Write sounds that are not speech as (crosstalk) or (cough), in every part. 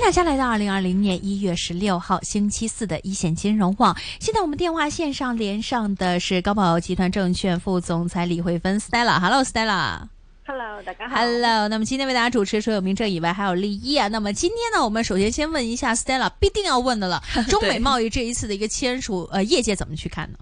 大家來到二零二零年一月十六號星期四的一線金融網。現在我們電話線上連上的是高寶集團證券副總裁李慧芬 Stella。Hello，Stella。Hello，大家好。Hello，那麼今天為大家主持，除了明正以外，還有利益啊。Yeah, 那麼今天呢，我們首先先問一下 Stella，必定要問的了。中美貿易這一次的一個簽署， (laughs) 呃，業界怎麼去看呢？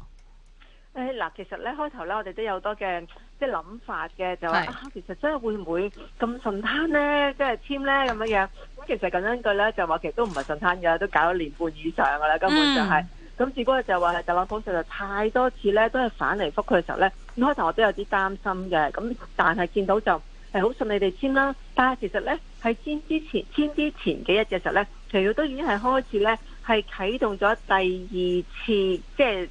哎，嗱，其實呢，開頭呢，我哋都有多嘅即係諗法嘅，就話、是就是、啊，啊，其實真係會唔會咁順攤呢？即係簽呢？咁樣樣。其實咁樣句咧就話，其實都唔係順攤嘅，都搞咗年半以上噶啦，根本就係、是。咁、嗯、只不過就話係特朗普實在太多次咧，都係反嚟覆去嘅時候咧。開頭我都有啲擔心嘅，咁但係見到就係好順利哋簽啦。但係其實咧，喺簽之前簽之前幾日嘅時候咧，其實都已經係開始咧係啟動咗第二次即係、就是、第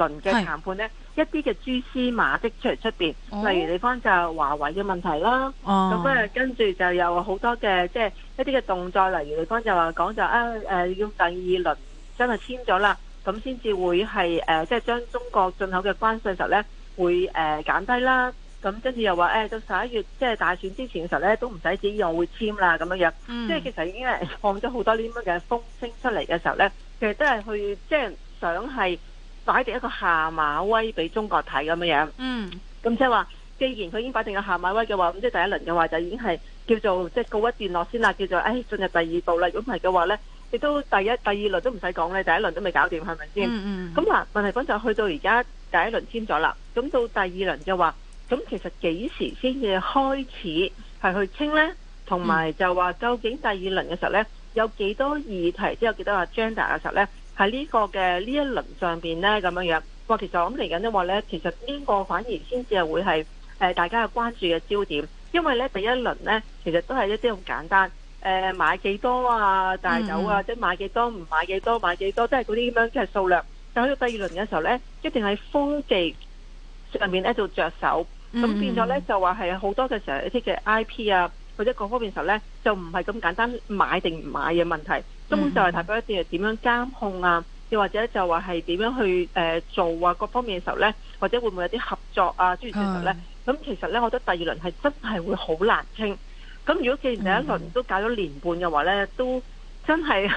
二輪嘅談判咧。一啲嘅蛛絲馬跡出嚟出面，oh. 例如地方就係華為嘅問題啦，咁跟住就有好多嘅即係一啲嘅動作，例如地方就話講就啊誒要、呃、第二輪真係簽咗啦，咁先至會係即係將中國進口嘅關稅嘅時候咧，會、呃、減低啦。咁跟住又話誒、欸、到十一月即係、就是、大選之前嘅時候咧，都唔使指意我會簽啦，咁樣即係、mm. 其實已經係放咗好多呢啲咁嘅風聲出嚟嘅時候咧，其實都係去即係、就是、想係。擺定一個下馬威俾中國睇咁樣，嗯，咁即係話，既然佢已經擺定個下馬威嘅話，咁即係第一輪嘅話就已經係叫做即係告一段落先啦，叫做誒、哎、進入第二步啦。如果唔係嘅話咧，亦都第一、第二輪都唔使講咧，第一輪都未搞掂，係咪先？嗯嗯。咁嗱、啊，問題講就去到而家第一輪簽咗啦，咁到第二輪就話，咁其實幾時先至開始係去清咧？同埋就話究竟第二輪嘅時候咧，有幾多議題，即係有幾多 agenda 嘅時候咧？喺呢個嘅呢一輪上邊咧咁樣樣，哇！其實我諗嚟緊都話咧，其實呢個反而先至係會係誒、呃、大家嘅關注嘅焦點，因為咧第一輪咧其實都係一啲咁簡單誒、呃、買幾多啊大豆啊，即係買幾多唔買幾多買幾多，即係嗰啲咁樣即係數量。但去到第二輪嘅時候咧，一定係科技入面咧度着手，咁、嗯、變咗咧就話係好多嘅時候一啲嘅 I P 啊或者各方面嘅時候咧，就唔係咁簡單買定唔買嘅問題。根本就係代表一啲誒點樣監控啊，又或者就話係點樣去誒做啊，各方面嘅時候咧，或者會唔會有啲合作啊？諸如此類咧，咁其實咧，我覺得第二輪係真係會好難傾。咁如果既然第一輪都搞咗年半嘅話咧，都真係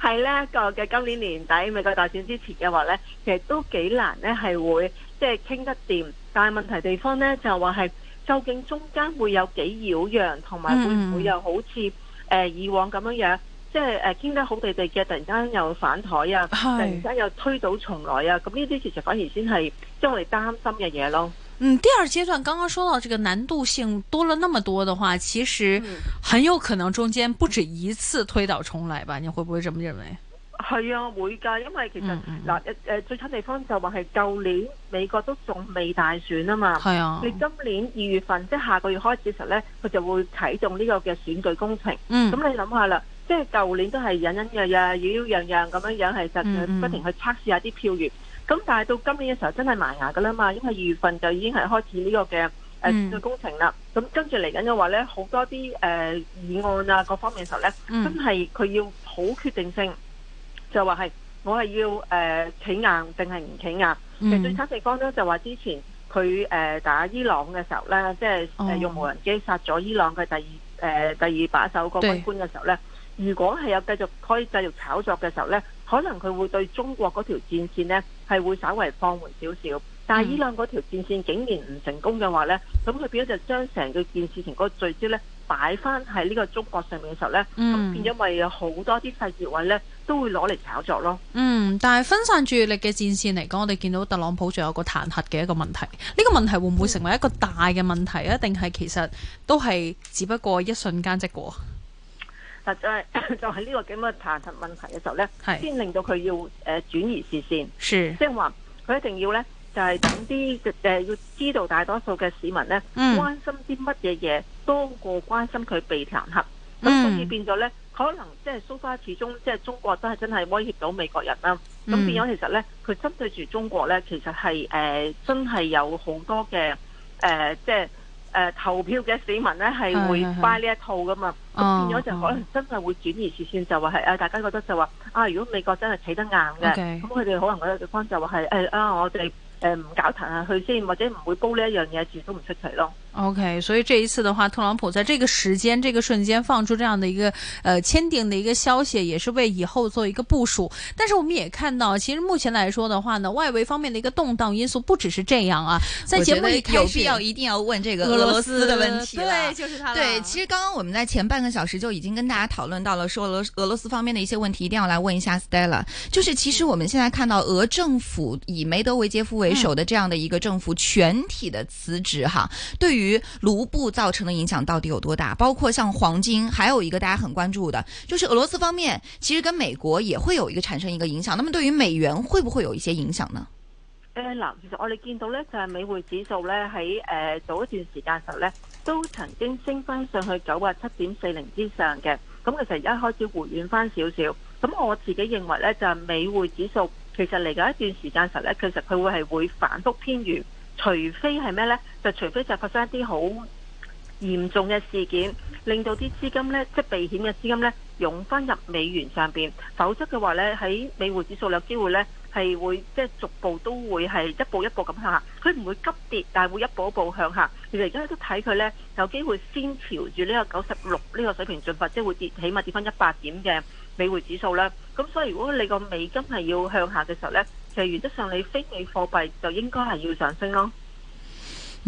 係呢個嘅今年年底美國大選之前嘅話咧，其實都幾難咧係會即係傾得掂。但係問題地方咧就話係，究竟中間會有幾擾攘，同埋會唔會又好似誒以往咁樣樣？即係誒，傾、啊、得好地地嘅，突然間又反台啊、哎，突然間又推倒重來啊，咁呢啲其實反而先係將我哋擔心嘅嘢咯。嗯，第二階段，剛剛說到這個難度性多了那麼多的話，其實很有可能中間不止一次推倒重來吧？你會不會咁認為？係、嗯、啊，會㗎，因為其實嗱、嗯呃呃、最慘地方就話係舊年美國都仲未大選啊嘛。係、嗯、啊，你今年二月份、嗯、即下個月開始嘅時候咧，佢就會啟動呢個嘅選舉工程。嗯，咁你諗下啦。嗯即係舊年都係隱隱約約，妖妖樣樣咁樣樣，係實不停去測試一下啲票源。咁、嗯、但係到今年嘅時候，真係埋牙噶啦嘛，因為二月份就已經係開始呢個嘅誒、嗯呃、工程啦。咁跟住嚟緊嘅話咧，好多啲誒、呃、議案啊，各方面嘅時候咧，真係佢要好決定性，就話係我係要誒企硬定係唔企硬。其實最慘地方咧，就話之前佢誒、呃、打伊朗嘅時候咧，即係、哦、用無人機殺咗伊朗嘅第二誒第二把手個軍官嘅時候咧。如果係有繼續可以繼續炒作嘅時候呢，可能佢會對中國嗰條戰線呢係會稍微放緩少少。但係伊朗嗰條戰線竟然唔成功嘅話呢，咁佢變咗就將成個件事情嗰個聚焦呢擺翻喺呢個中國上面嘅時候呢，咁、嗯、變咗咪有好多啲細節位呢都會攞嚟炒作咯。嗯，但係分散注意力嘅戰線嚟講，我哋見到特朗普仲有個彈劾嘅一個問題。呢、呢個問題會唔會成為一個大嘅問題啊？定、嗯、係其實都係只不過一瞬間即過？ (laughs) 就係就係呢個咁嘅彈劾問題嘅時候咧，先令到佢要誒、呃、轉移視線，即係話佢一定要咧，就係、是、等啲誒、呃、要知道大多數嘅市民咧、嗯，關心啲乜嘢嘢多過關心佢被彈劾，咁、嗯、所以變咗咧，可能即係 so far 始終即係中國都真係真係威脅到美國人啦。咁、嗯、變咗其實咧，佢針對住中國咧，其實係誒、呃、真係有好多嘅誒、呃、即係。誒、呃、投票嘅市民咧係會 buy 呢一套噶嘛，咁變咗就可能真係會轉移視線，oh, 就話係啊，大家覺得就話啊，如果美國真係企得硬嘅，咁佢哋可能覺得地方就話係誒啊，我哋。呃、嗯、唔搞騰下去先，或者唔會煲呢一樣嘢住都唔出奇咯。OK，所以這一次的話，特朗普在這個時間、這個瞬間放出這樣的一個，呃簽訂的一個消息，也是為以後做一個部署。但是我們也看到，其實目前來說的話呢，外圍方面的一個動盪因素不只是這樣啊。在節目裏我覺得有必要一定要問這個俄羅斯的問題。對，就是他。對，其實剛剛我們在前半個小時就已經跟大家討論到了，說俄俄羅斯方面的一些問題，一定要來問一下 Stella。就是其實我們現在看到俄政府以梅德韋傑夫為為、嗯、首的這樣的一個政府全體的辭職哈，對於盧布造成的影響到底有多大？包括像黃金，還有一個大家很關注的，就是俄羅斯方面其實跟美國也會有一個產生一個影響。那麼對於美元會不會有一些影響呢？誒、呃、嗱，其實我哋見到咧就係、是、美匯指數咧喺誒早一段時間時候咧都曾經升翻上去九啊七點四零之上嘅，咁其實一開始回軟翻少少，咁我自己認為咧就係、是、美匯指數。其實嚟緊一段時間實咧，其實佢會係會反覆偏弱，除非係咩呢？就除非就發生一啲好嚴重嘅事件，令到啲資金呢，即係避險嘅資金呢，湧翻入美元上邊。否則嘅話呢，喺美匯指數有機會呢，係會即係逐步都會係一步一步咁下。佢唔會急跌，但係會一步一步向下。其實而家都睇佢呢，有機會先朝住呢個九十六呢個水平進發，即係會跌，起碼跌翻一百點嘅。美匯指數咧，咁所以如果你個美金係要向下嘅時候呢，其實原則上你非美貨幣就應該係要上升咯。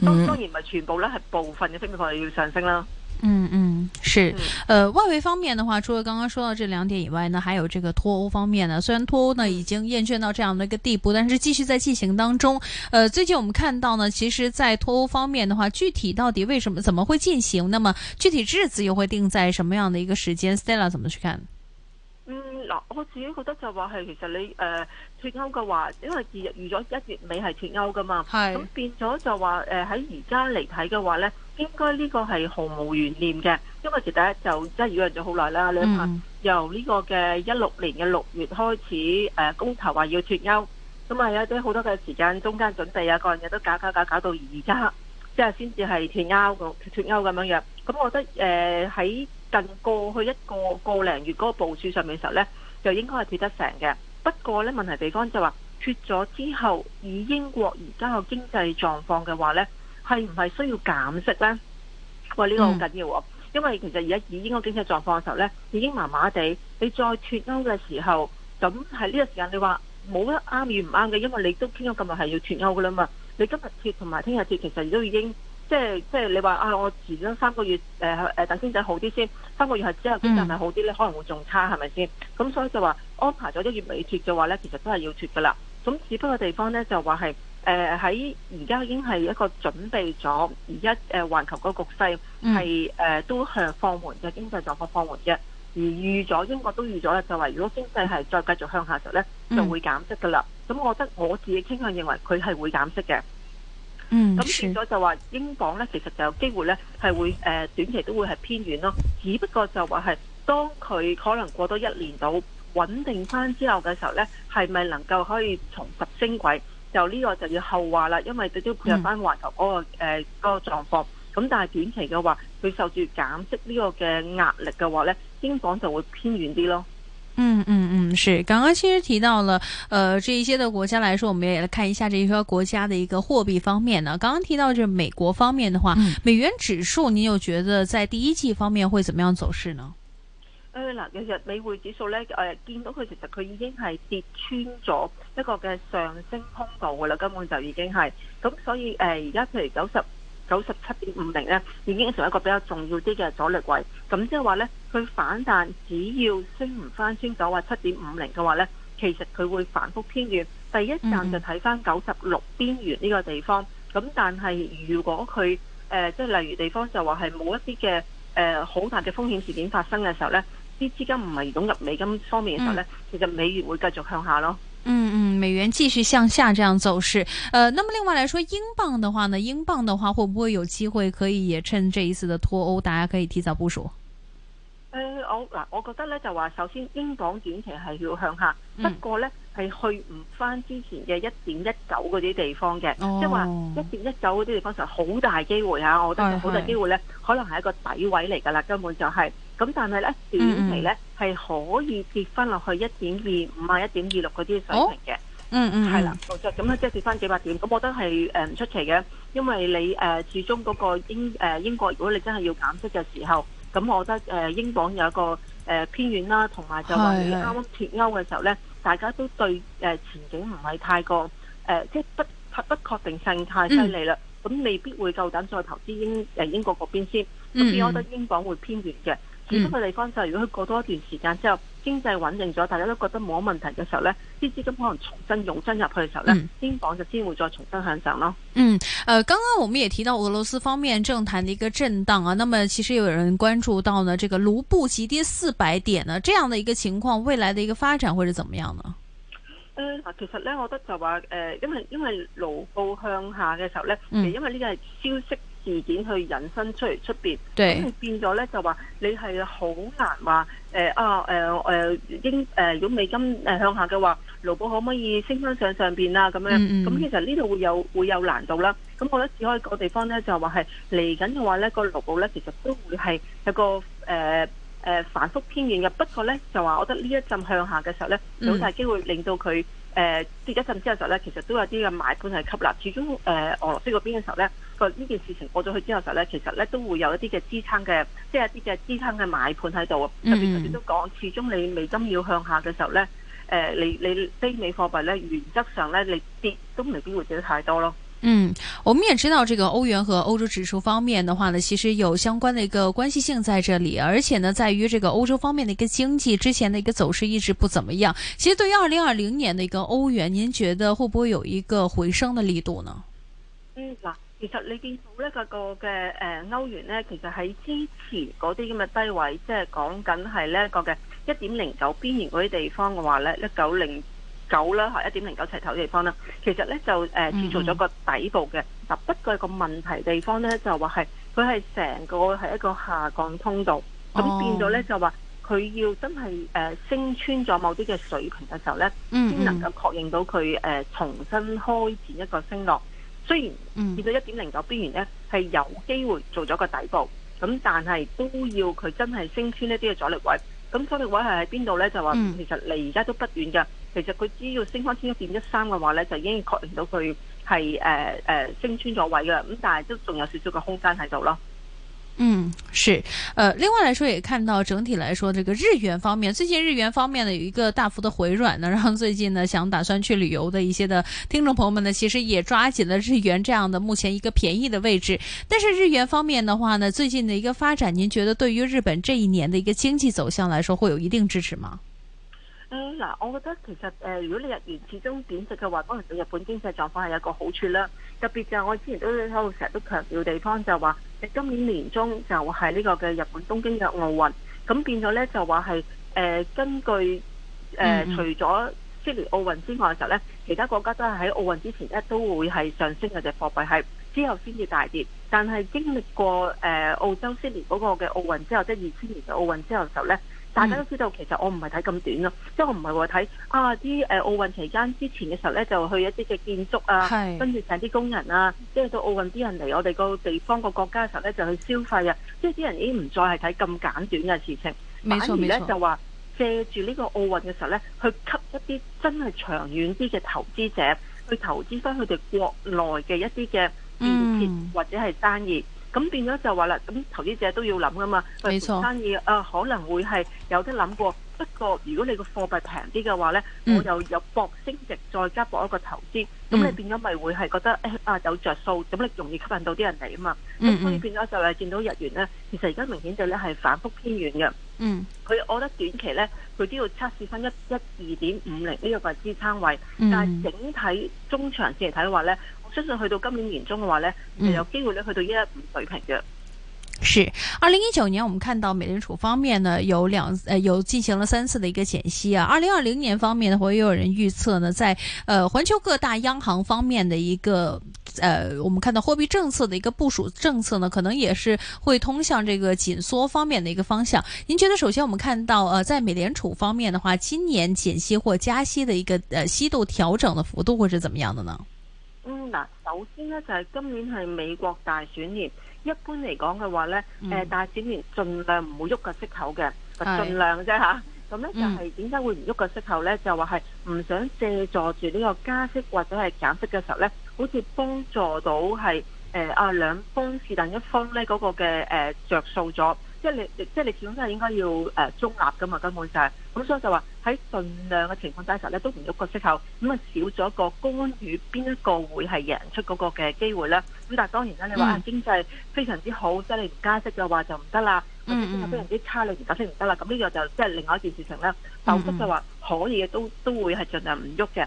當、嗯、當然唔係全部咧，係部分嘅非美貨幣要上升啦。嗯嗯，是嗯。呃，外圍方面的話，除咗剛剛說到這兩點以外呢，還有這個脱歐方面呢。雖然脱歐呢已經厭倦到這樣的一個地步，但是繼續在進行當中。呃，最近我們看到呢，其實在脱歐方面的話，具體到底為什麼怎麼會進行？那麼具體日子又會定在什麼樣的一個時間？Stella 怎麼去看？嗯，嗱，我自己覺得就話係其實你誒、呃、脱歐嘅話，因為預預咗一月尾係脱歐噶嘛，咁變咗就話、呃、在在話誒喺而家嚟睇嘅話咧，應該呢個係毫無懸念嘅，因為其實第一就真係預咗好耐啦，你睇、嗯、由呢個嘅一六年嘅六月開始誒、呃、公投話要脱歐，咁、嗯、啊有啲好多嘅時間中間準備啊，各人嘢都搞搞搞搞到而家，即係先至係脱歐個脱歐咁樣樣，咁、嗯、我覺得誒喺。呃在近過去一個一個零月嗰個部署上面嘅時候呢，就應該係脱得成嘅。不過呢問題地方就話脱咗之後，以英國而家嘅經濟狀況嘅話呢，係唔係需要減息呢？喂，呢、呢個好緊要喎、嗯，因為其實而家以英國經濟狀況嘅時候呢，已經麻麻地。你再脱歐嘅時候，咁係呢個時間你話，你話冇得啱與唔啱嘅，因為你都傾咗咁耐，係要脱歐噶啦嘛。你今日脱同埋聽日脱，其實都已經。即係即係你話啊！我遲咗三個月誒、呃、等先仔好啲先，三個月後之後先係咪好啲咧？可能會仲差係咪先？咁所以就話安排咗一月尾脱嘅話咧，其實都係要脱噶啦。咁只不過地方咧就話係誒喺而家已經係一個準備咗，而家誒環球個局勢係、嗯呃、都向放緩嘅經濟狀況放緩嘅，而預咗英國都預咗咧，就話如果經濟係再繼續向下嘅時候咧、嗯，就會減息噶啦。咁我覺得我自己傾向認為佢係會減息嘅。嗯，咁變咗就話英鎊咧，其實就有機會咧，係會、呃、短期都會係偏軟咯。只不過就話係當佢可能過多一年到穩定翻之後嘅時候咧，係咪能夠可以重拾升軌，就呢個就要後話啦。因為都要配合翻環球嗰、那個嗰、呃那個狀況。咁、嗯嗯、但係短期嘅話，佢受住減息呢個嘅壓力嘅話咧，英鎊就會偏軟啲咯。嗯嗯嗯，是。剛剛其實提到了，呃，這一些的國家來說，我們也來看一下這一些國家的一個貨幣方面呢。剛剛提到就美國方面的話，嗯、美元指數，你又覺得在第一季方面會怎麼樣走勢呢？誒、呃，嗱，其實美匯指數呢，誒、呃，見到佢其實佢已經係跌穿咗一個嘅上升通道噶啦，根本就已經係，咁所以誒，而、呃、家譬如九十九十七點五零咧，已經成為一個比較重要啲嘅阻力位。咁即係話咧，佢反彈只要升唔翻穿咗話九七點五零嘅話咧，其實佢會反覆偏軟。第一站就睇翻九十六邊緣呢個地方。咁但係如果佢誒即係例如地方就話係冇一啲嘅誒好大嘅風險事件發生嘅時候咧，啲資金唔係湧入美金方面嘅時候咧，其實美元會繼續向下咯。嗯嗯，美元繼續向下這樣走勢，呃，那麼另外來說，英鎊的話呢，英鎊的話會不會有機會可以也趁這一次的脱歐，大家可以提早部署？誒、呃，我嗱，我覺得咧就話，首先英鎊短期係要向下呢，嗯、是不過咧係去唔翻之前嘅一點一九嗰啲地方嘅，即係話一點一九嗰啲地方就好大機會吓，我覺得好大機會咧，可能係一個底位嚟噶啦，根本就係、是。咁但係咧短期咧係、嗯、可以跌翻落去一點二五啊一點二六嗰啲水平嘅、哦，嗯嗯，係啦，咁、嗯、咧、嗯、即係跌翻幾百點，咁我覺得係唔出奇嘅，因為你誒始終嗰個英、呃、英國，如果你真係要減息嘅時候，咁我覺得、呃、英鎊有一個誒、呃、偏軟啦，同埋就話你啱啱脫歐嘅時候咧，大家都對、呃、前景唔係太過誒、呃、即係不不確定性太犀利啦，咁、嗯、未必會夠膽再投資英、呃、英國嗰邊先，咁我覺得英鎊會偏軟嘅。嗯嗯。如果佢哋關就，如果佢過多一段時間之後經濟穩定咗，大家都覺得冇乜問題嘅時候咧，啲資金可能重新湧進入去嘅時候咧、嗯，先講就先會再重新向上咯。嗯，誒、呃，剛剛我們也提到俄羅斯方面政壇的一個震盪啊，那麼其實有人關注到呢，這個盧布急跌四百點呢、啊，這樣的嘅一個情況，未來嘅一個發展會是怎麼樣呢？誒、呃，其實咧，我覺得就話誒、呃，因為因為盧布向下嘅時候咧，嗯、因為呢個係消息。事件去引申出嚟出邊咁，係變咗咧就話你係好難話誒啊誒誒英誒，如、呃、果美金誒、呃、向下嘅話，勞保可唔可以升翻上上邊啊？咁樣咁、嗯嗯、其實呢度會有會有難度啦。咁我覺得只可以個地方咧就話係嚟緊嘅話咧，個勞保咧其實都會係有個誒誒、呃呃、反覆偏遠嘅。不過咧就話我覺得呢一陣向下嘅時候咧，好大機會令到佢誒、呃、跌一陣之後咧，其實都有啲嘅買盤係吸納。始終誒、呃、俄羅斯嗰邊嘅時候咧。呢件事情過咗去之後，實咧其實咧都會有一啲嘅支撐嘅，即係一啲嘅支撐嘅買盤喺度。特別頭先都講，始終你美金要向下嘅時候咧，誒、呃，你你非美貨幣咧，原則上咧，你跌都未必會跌得太多咯。嗯，我們也知道，這個歐元和歐洲指數方面的話呢，其實有相關的一個關係性在這裡，而且呢，在於這個歐洲方面的一個經濟之前的一個走勢一直不怎麼樣。其實對於二零二零年的一個歐元，您覺得會不會有一個回升的力度呢？嗯。其實你見到呢個嘅誒歐元呢，其實喺之前嗰啲咁嘅低位，即係講緊係呢個嘅一點零九邊緣嗰啲地方嘅話呢，一九零九啦嚇，一點零九齊頭嘅地方啦，其實呢就誒製造咗個底部嘅。嗱、嗯嗯、不過一個問題嘅地方呢，就話係佢係成個係一個下降通道，咁、哦、變咗呢，就話佢要真係誒升穿咗某啲嘅水平嘅時候呢，先、嗯嗯、能夠確認到佢誒重新開展一個升落。雖然見到一點零九邊緣咧，係有機會做咗個底部，咁但係都要佢真係升穿一啲嘅阻力位。咁阻力位係喺邊度咧？就話其實離而家都不遠嘅。其實佢只要升翻穿一點一三嘅話咧，就已經確認到佢係誒誒升穿咗位嘅。咁但係都仲有少少嘅空間喺度咯。嗯，是，呃，另外來說，也看到整體來說，這個日元方面，最近日元方面呢有一個大幅的回軟呢，然後最近呢想打算去旅遊的一些的聽眾朋友們呢，其實也抓緊了日元這樣的目前一個便宜的位置。但是日元方面的話呢，最近的一個發展，您覺得對於日本這一年的一個經濟走向來說，會有一定支持嗎？嗯，嗱，我覺得其實，誒、呃，如果你日元始終貶值嘅話，當然對日本經濟狀況係有一個好處啦。特別就係我之前都喺度成日都強調地方就係話。今年年中就係呢個嘅日本東京嘅奧運，咁變咗咧就話係誒根據誒、呃嗯、除咗悉尼奧運之外嘅時候咧，其他國家都係喺奧運之前咧都會係上升嘅隻、那個、貨幣，係之後先至大跌。但係經歷過誒、呃、澳洲悉尼嗰個嘅奧運之後，即係二千年嘅奧運之後嘅時候咧。嗯、大家都知道，其實我唔係睇咁短咯，即、就、係、是、我唔係話睇啊啲誒、呃、奧運期間之前嘅時候咧，就去一啲嘅建築啊，跟住請啲工人啊，即、就、係、是、到奧運啲人嚟我哋個地方、個國家嘅時候咧，就去消費啊，即係啲人已經唔再係睇咁簡短嘅事情，反而咧就話借住呢個奧運嘅時候咧，去吸一啲真係長遠啲嘅投資者去投資翻佢哋國內嘅一啲嘅建設或者係生意。咁變咗就話啦，咁投資者都要諗噶嘛，生意啊、呃，可能會係有啲諗過。不過如果你個貨幣平啲嘅話呢、嗯，我又有搏升值，再加搏一個投資，咁、嗯、你變咗咪會係覺得誒、欸、啊有着數，咁你容易吸引到啲人嚟啊嘛。咁、嗯嗯、所以變咗就係見到日元呢，其實而家明顯就咧係反覆偏軟嘅。嗯，佢我覺得短期呢，佢都要測試翻一一二點五零呢個嘅支撐位，嗯、但係整體中長線嚟睇嘅話呢。相信去到今年年中嘅話呢，就有機會呢去到一一五水平嘅。是二零一九年，我們看到美聯儲方面呢有兩呃有進行了三次的一個減息啊。二零二零年方面的話，也有人預測呢，在呃環球各大央行方面的一個呃，我們看到貨幣政策的一個部署政策呢，可能也是會通向這個緊縮方面的一個方向。您覺得首先我們看到呃，在美聯儲方面的話，今年減息或加息的一個呃，息度調整的幅度會是怎麼樣的呢？嗱，首先咧就係、是、今年係美國大選年，一般嚟講嘅話咧，誒、嗯呃、大選年盡量唔好喐個息口嘅，就是、盡量啫嚇。咁、啊、咧就係點解會唔喐個息口咧、嗯？就話係唔想借助住呢個加息或者係減息嘅時候咧，好似幫助到係誒、呃、啊兩方是但一方咧嗰個嘅誒、呃、著數咗。即係你，即係你始終都係應該要誒、呃、中立噶嘛，根本就係。咁所以就話喺儘量嘅情況底下實咧都唔喐個息口，咁啊少咗個干預邊一個會係贏出嗰個嘅機會咧。咁但係當然啦，你話、嗯啊、經濟非常之好，即係你唔加息嘅話就唔得啦，經、嗯、濟、嗯、非常之差，你唔加息唔得啦。咁呢個就即係、就是、另外一件事情咧。否則就話可以都都會係盡量唔喐嘅。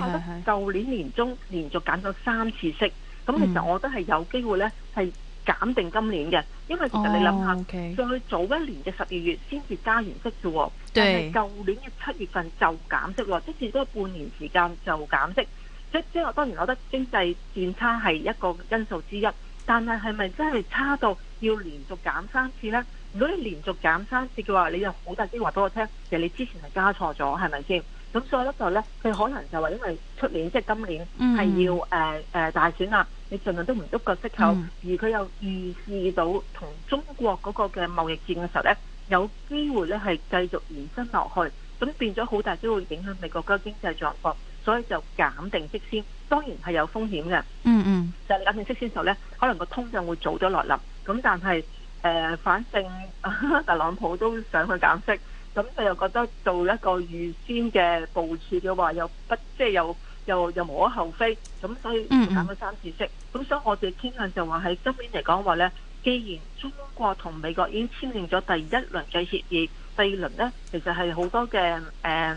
都覺得舊年年中連續減咗三次息，咁其實我覺得係有機會咧係。嗯減定今年嘅，因為其實你諗下，再、oh, okay. 早一年嘅十二月先至加完息啫喎，但係舊年嘅七月份就減息啦，即係都係半年時間就減息，即即我當然我覺得經濟變差係一個因素之一，但係係咪真係差到要連續減三次呢？如果你連續減三次嘅話，你又好大機會話俾我聽，其實你之前係加錯咗，係咪先？咁所以咧就咧，佢可能就話因為出年即係、就是、今年係要誒誒、mm -hmm. 呃呃、大選啦，你儘量都唔郁個息口，mm -hmm. 而佢又預示到同中國嗰個嘅貿易戰嘅時候咧，有機會咧係繼續延伸落去，咁變咗好大機會影響美國嘅經濟狀況，所以就減定息先，當然係有風險嘅。嗯嗯，就減定息先時候咧，可能個通脹會早咗嚟臨。咁但係誒、呃，反正 (laughs) 特朗普都想去減息。咁我又覺得做一個預先嘅部署嘅話，又不即係又又又無可厚非。咁所以減咗三次息，咁所以我哋傾向就話喺今年嚟講話咧，既然中國同美國已經簽訂咗第一輪嘅協議，第二輪咧其實係好多嘅誒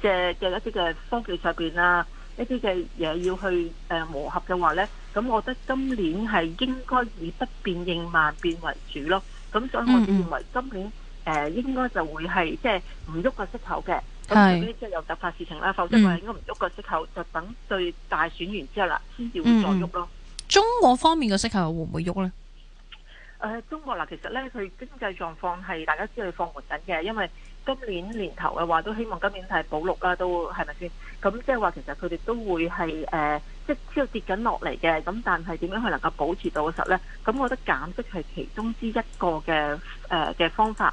嘅嘅一啲嘅科技上面啊，一啲嘅嘢要去、呃、磨合嘅話咧，咁我覺得今年係應該以不變應萬變為主咯。咁所以我認為今年。誒、呃，應該就會係即係唔喐個息口嘅，咁除非即係有突發事情啦，否則話應該唔喐個息口，嗯，就等對大選完之後啦，先至會再喐咯，嗯。中國方面嘅息口會唔會喐呢？誒、呃，中國嗱，其實咧佢經濟狀況係大家知道係放緩緊嘅，因為今年年頭嘅話都希望今年係補錄啦，都係咪先？咁即係話其實佢哋都會係誒、呃，即係知道跌緊落嚟嘅，咁但係點樣去能夠保持到嘅時候咧？咁我覺得減息係其中之一個嘅誒嘅方法。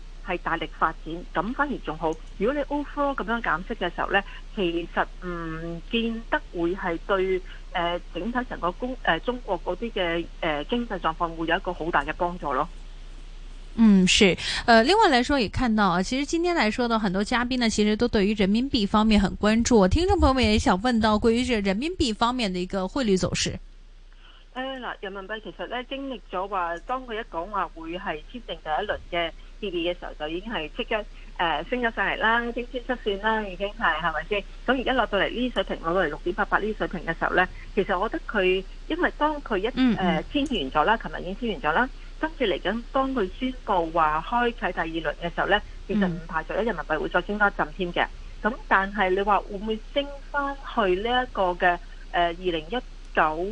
係大力發展，咁反而仲好。如果你 overall 咁樣減息嘅時候呢，其實唔見得會係對誒、呃、整體成個中誒、呃、中國嗰啲嘅誒經濟狀況會有一個好大嘅幫助咯。嗯，是。誒、呃，另外來說，也看到啊，其實今天來說呢，很多嘉賓呢，其實都對於人民幣方面很關注。我聽眾朋友也想問到，關於這人民幣方面的一個匯率走勢。誒嗱，人民幣其實咧經歷咗話，當佢一講話會係簽訂第一輪嘅協議嘅時候，就已經係即刻誒升咗上嚟啦，升穿七算啦，已經係係咪先？咁而家落到嚟呢啲水平，落到嚟六點八八呢啲水平嘅時候咧，其實我覺得佢因為當佢一誒、呃、簽完咗啦，琴、嗯、日已經簽完咗啦，跟住嚟緊當佢宣布話開啟第二輪嘅時候咧，其實唔排除咧人民幣會再增加一陣添嘅。咁但係你話會唔會升翻去呢一個嘅誒二零一呃九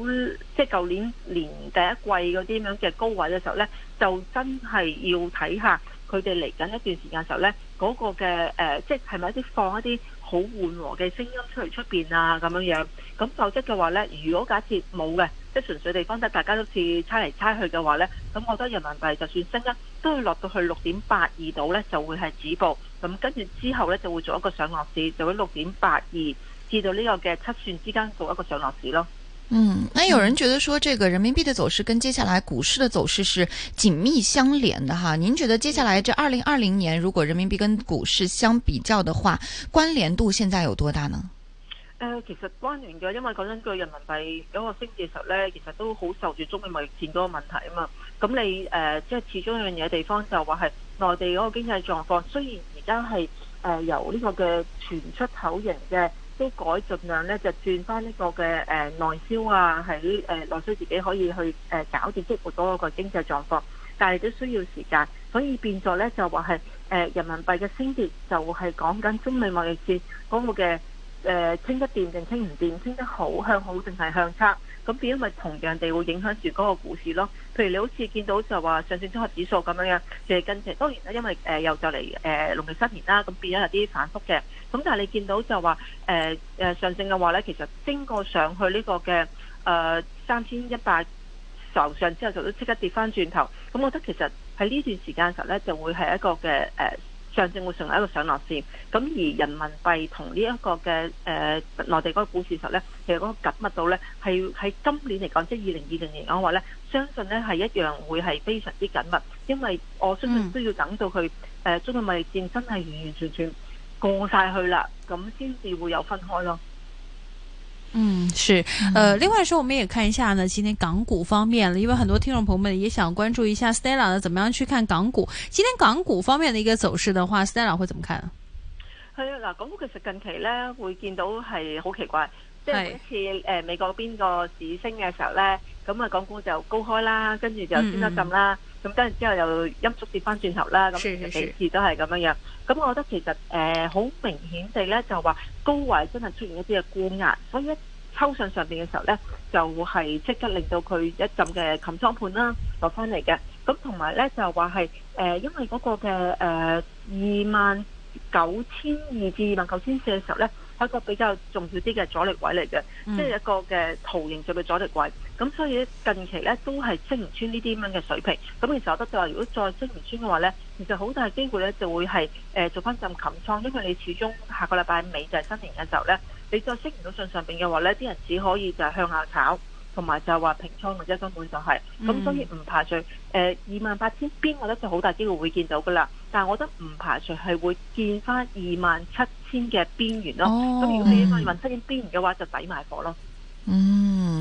即係舊年年第一季嗰啲咁樣嘅高位嘅時候呢，就真係要睇下佢哋嚟緊一段時間嘅時候呢，嗰個嘅誒，即係咪一啲放一啲好緩和嘅聲音出嚟出面啊？咁樣樣咁，否則嘅話呢，如果假設冇嘅，即係純粹地方得大家都似猜嚟猜去嘅話呢，咁我覺得人民幣就算升啦，都會落到去六點八二度呢，就會係止步咁，跟住之後呢，就會做一個上落市，就會六點八二至到呢個嘅七算之間做一個上落市咯。嗯，那有人覺得說，這個人民幣的走勢跟接下來股市的走勢是緊密相連的哈？您覺得接下來這二零二零年，如果人民幣跟股市相比較的話，關聯度現在有多大呢？誒、呃，其實關聯嘅，因為講緊個人民幣嗰個升值嘅時候咧，其實都好受住中美貿易戰個問題啊嘛。咁你誒、呃，即係始終有樣嘢地方就話係內地嗰個經濟狀況，雖然而家係誒由呢個嘅全出口型嘅。都改，儘量咧就轉翻呢個嘅誒內銷啊，喺誒內銷自己可以去誒搞掂，激活多一個經濟狀況，但係都需要時間，所以變咗咧就話係誒人民幣嘅升跌就係講緊中美貿易戰嗰、那個嘅誒，清、啊、得掂定清唔掂，清得好向好定係向差。咁變咗咪同樣地會影響住嗰個股市咯。譬如你好似見到就話上證綜合指數咁樣樣，亦係近期當然因為又就嚟誒、呃、農曆新年啦，咁變咗有啲反覆嘅。咁但係你見到就、呃、上的話上證嘅話咧，其實經過上去呢個嘅三千一百上上之後，就都即刻跌返轉頭。咁我覺得其實喺呢段時間嘅時候咧，就會係一個嘅上證會成為一個上落線，咁而人民幣同呢一個嘅誒、呃、內地嗰個股市實咧，其實嗰個緊密度咧係喺今年嚟講，即係二零二零年講話咧，相信咧係一樣會係非常之緊密，因為我相信都要等到佢誒、mm. 呃、中美貿易戰真係完完全全過晒去啦，咁先至會有分開咯。嗯，是，呃，另外說我們也看一下呢，今天港股方面了，因為很多聽眾朋友們也想關注一下 Stella 呢，怎麼樣去看港股？今天港股方面的一個走勢的話，Stella 會怎麼看？係啊，嗱，港股其實近期咧會見到係好奇怪，即係每次誒、呃、美國邊個指升嘅時候咧，咁啊港股就高開啦，跟住就先得咁啦。嗯咁跟住之後又音速跌翻轉頭啦，咁幾次都係咁樣樣。咁我覺得其實誒好明顯地咧，就話高位真係出現一啲嘅沽壓，所以一抽上上邊嘅時候咧，就係即刻令到佢一陣嘅擒倉盤啦落翻嚟嘅。咁同埋咧就話係誒，因為嗰個嘅誒二萬九千二至二萬九千四嘅時候咧，係一個比較重要啲嘅阻力位嚟嘅，即、嗯、係、就是、一個嘅圖形上嘅阻力位。咁所以近期咧都係升唔穿呢啲咁樣嘅水平。咁其實我覺得就係如果再升唔穿嘅話咧，其實好大機會咧就會係誒、呃、做翻浸減倉，因為你始終下個禮拜尾就係新年嘅時候咧，你再升唔到上信上邊嘅話咧，啲人只可以就係向下炒。同埋就係話平倉嘅啫，根本就係，咁所以唔排除誒二萬八千邊我，我覺得就好大機會會見到噶啦。但係我覺得唔排除係會見翻二萬七千嘅邊緣咯。咁、哦、如果你二萬七千邊緣嘅話，就抵買貨咯。嗯。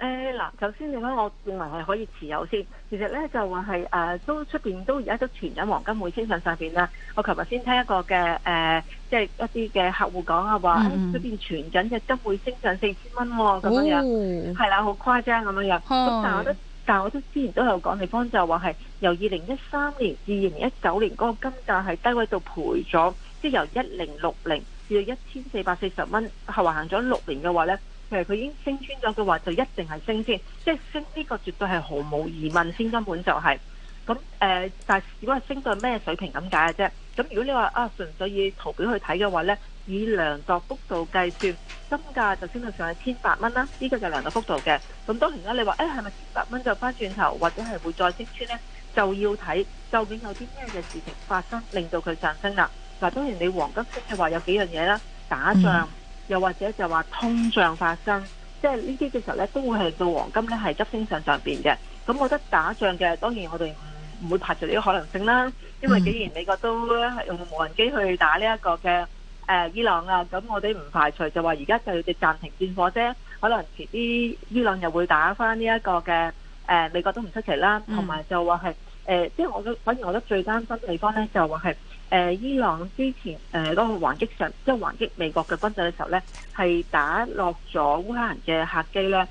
誒、哎、嗱，首先嚟講，我認為係可以持有先。其實咧就話係誒，都、呃、出面都而家都存緊黃金會升上上邊啦。我琴日先聽一個嘅誒、呃，即係一啲嘅客戶講啊，話、嗯、出面存緊嘅金會升上四千蚊喎，咁、哦、樣樣，係、哦、啦，好誇張咁樣樣。咁、哦、但係我都，但係我都之前都有講地方，就話係由二零一三年至二零一九年嗰個金價係低位度賠咗，即、就、係、是、由一零六零至到一千四百四十蚊，係話行咗六年嘅話咧。其實佢已經升穿咗嘅話，就一定係升先，即係升呢個絕對係毫無疑問先，根本就係咁誒。但係如果係升到咩水平咁解嘅啫。咁如果你話啊純粹以圖表去睇嘅話咧，以量度幅度計算，金價就升到上千八蚊啦，呢個就係量度幅度嘅。咁當然啦，你話誒係咪千八蚊就翻轉頭，或者係會再升穿咧，就要睇究竟有啲咩嘅事情發生令到佢上升啦。嗱，當然你黃金即係話有幾樣嘢啦，打仗。嗯又或者就話通脹發生，即係呢啲嘅時候咧，都會係到黃金咧係急升上上邊嘅。咁我覺得打仗嘅當然我哋唔會排除呢個可能性啦。因為既然美國都用無人機去打呢一個嘅誒、呃、伊朗啦，咁我哋唔排除就話而家就要暫停戰火啫。可能遲啲伊朗又會打翻呢一個嘅誒、呃、美國都唔出奇啦。同、嗯、埋就話係誒，即係我覺得反而我覺得最擔心嘅地方咧就話係。誒伊朗之前誒嗰個還擊上，即係還擊美國嘅軍隊嘅時候咧，係打落咗烏克蘭嘅客機咧。呢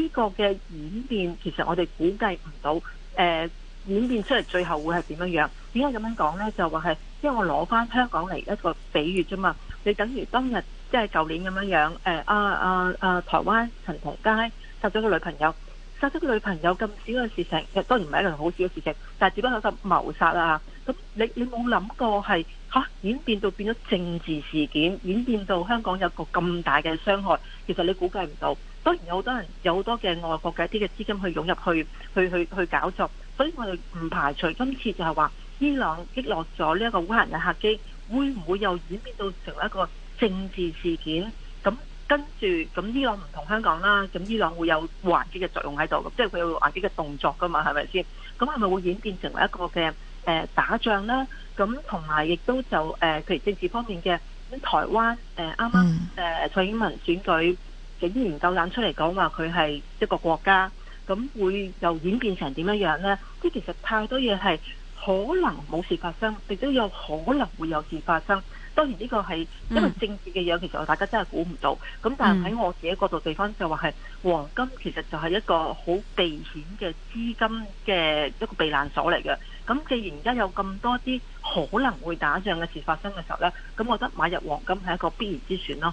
呢個嘅演變其實我哋估計唔到。誒演變出嚟最後會係點樣樣？點解咁樣講咧？就話係因為我攞翻香港嚟一個比喻啫嘛。你等於當日即係舊年咁樣樣、啊。誒啊啊啊！台灣陳同佳殺咗個女朋友，殺咗個女朋友咁少嘅事情，其實當然唔係一樣好少嘅事情，但係只不過就謀殺啊！咁你你冇諗過係吓、啊、演變到變咗政治事件，演變到香港有個咁大嘅傷害，其實你估計唔到。當然有好多人有好多嘅外國嘅一啲嘅資金去湧入去去去去搞作，所以我哋唔排除今次就係話伊朗擊落咗呢一個烏克蘭嘅客機，會唔會又演變到成為一個政治事件？咁跟住咁伊朗唔同香港啦，咁伊朗會有還擊嘅作用喺度，咁即係佢有還擊嘅動作噶嘛？係咪先？咁係咪會演變成為一個嘅？誒，打仗啦，咁同埋亦都就誒，譬如政治方面嘅，咁台灣誒，啱啱誒蔡英文選舉竟然夠膽出嚟講話佢係一個國家，咁會又演變成點樣樣咧？即其實太多嘢係可能冇事發生，亦都有可能會有事發生。當然呢個係因為政治嘅嘢，其實我大家真係估唔到。咁、嗯、但係喺我自己角度睇返，就話係黃金其實就係一個好避險嘅資金嘅一個避難所嚟嘅。咁既然而家有咁多啲可能會打仗嘅事發生嘅時候呢，咁我覺得買入黃金係一個必然之選咯。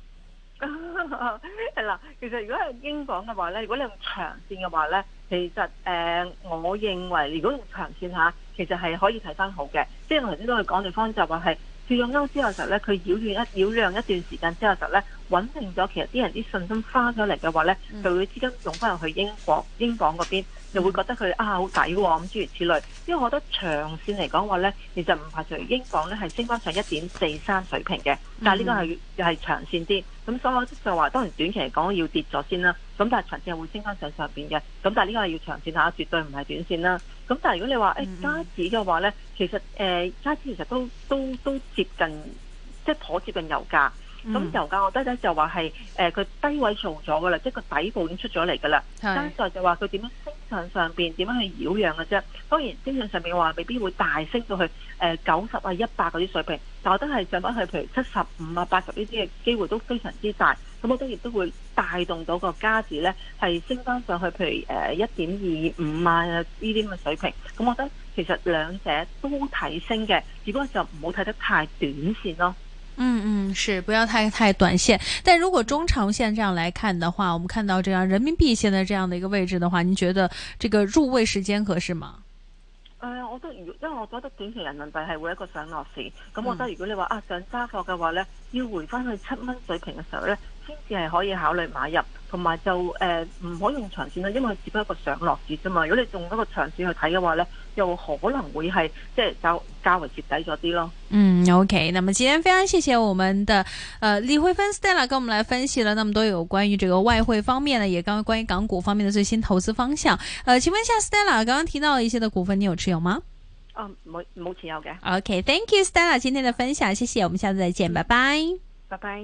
係 (laughs) 啦，其實如果係英港嘅話咧，如果你用長線嘅話咧，其實誒、呃，我認為如果用長線吓，其實係可以睇翻好嘅。即係我頭先都係講地方就話係跳咗啱之後嘅時候咧，佢擾亂一擾量一段時間之後咧，穩定咗，其實啲人啲信心翻咗嚟嘅話呢，佢、嗯、會資金用翻入去英國、英港嗰邊，你會覺得佢啊好抵喎，咁諸如此類。因為我覺得長線嚟講話呢，其實唔排除英港呢係升翻上一點四三水平嘅，但呢個係又係長線啲。咁所以我就話，當然短期嚟講要跌咗先啦。咁但係長線會升翻上上面嘅。咁但呢個係要長線下，絕對唔係短線啦。咁但如果你、欸、指話誒加紙嘅話呢，其實誒、呃、加紙其實都都都接近，即係頗接近油價。咁油價我覺得咧就話係誒佢低位做咗噶啦，即係個底部已經出咗嚟噶啦。現在就話佢點樣升上上面，點樣去擾攘嘅啫。當然，升上上面話未必會大升到去誒九十啊一百嗰啲水平，但我覺得係上邊去。譬如七十五啊八十呢啲嘅機會都非常之大。咁我覺得亦都會帶動到個加字咧係升翻上上去，譬如誒一點二五啊呢啲咁嘅水平。咁我覺得其實兩者都睇升嘅，只不過就唔好睇得太短線咯。嗯嗯，是不要太太短線，但如果中長線這樣來看的話，我們看到這樣人民幣現在這樣的一個位置的話，您覺得這個入位時間合適嗎？誒、呃，我覺得因為我覺得短期人民幣係會一個上落市，咁我覺得如果你話、嗯、啊揸的話啊上揸貨嘅話咧，要回翻去七蚊水平嘅時候咧。先至係可以考慮買入，同埋就誒唔可以用長線啦，因為只不過一個上落市啫嘛。如果你用一個長線去睇嘅話咧，又可能會係即係就較為蝕底咗啲咯。嗯，OK，那麼今天非常謝謝我們的誒、呃、李慧芬 Stella 跟我們來分析了那麼多有關於這個外匯方面嘅，也剛剛關於港股方面嘅最新投資方向。誒、呃，請問一下 Stella，剛剛提到一些的股份，你有持有嗎？啊、嗯，冇冇持有嘅。OK，Thank you，Stella，今天的分享，謝謝，我們下次再見，拜拜，拜拜。